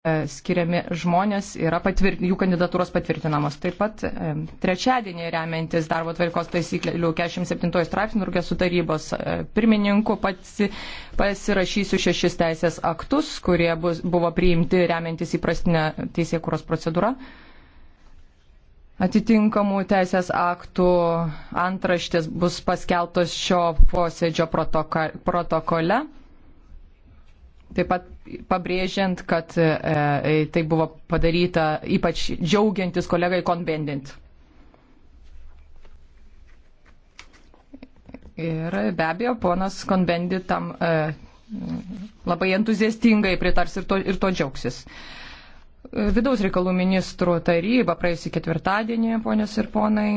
E, skiriami žmonės yra patvirt, jų kandidatūros patvirtinamos. Taip pat e, trečiadienį remiantis darbo tvarkos taisyklių 47 straipsnių rūkės sutarybos e, pirmininku pats pasirašysiu šešis teisės aktus, kurie bus, buvo priimti remiantis įprastinę teisėkūros procedūrą. Atitinkamų teisės aktų antraštės bus paskeltos šio posėdžio protokole. Taip pat pabrėžiant, kad e, e, tai buvo padaryta ypač džiaugiantis kolegai konbendint. Ir be abejo, ponas konbendit tam e, labai entuziastingai pritars ir to, ir to džiaugsis. Vidaus reikalų ministrų taryba praėjusį ketvirtadienį, ponios ir ponai.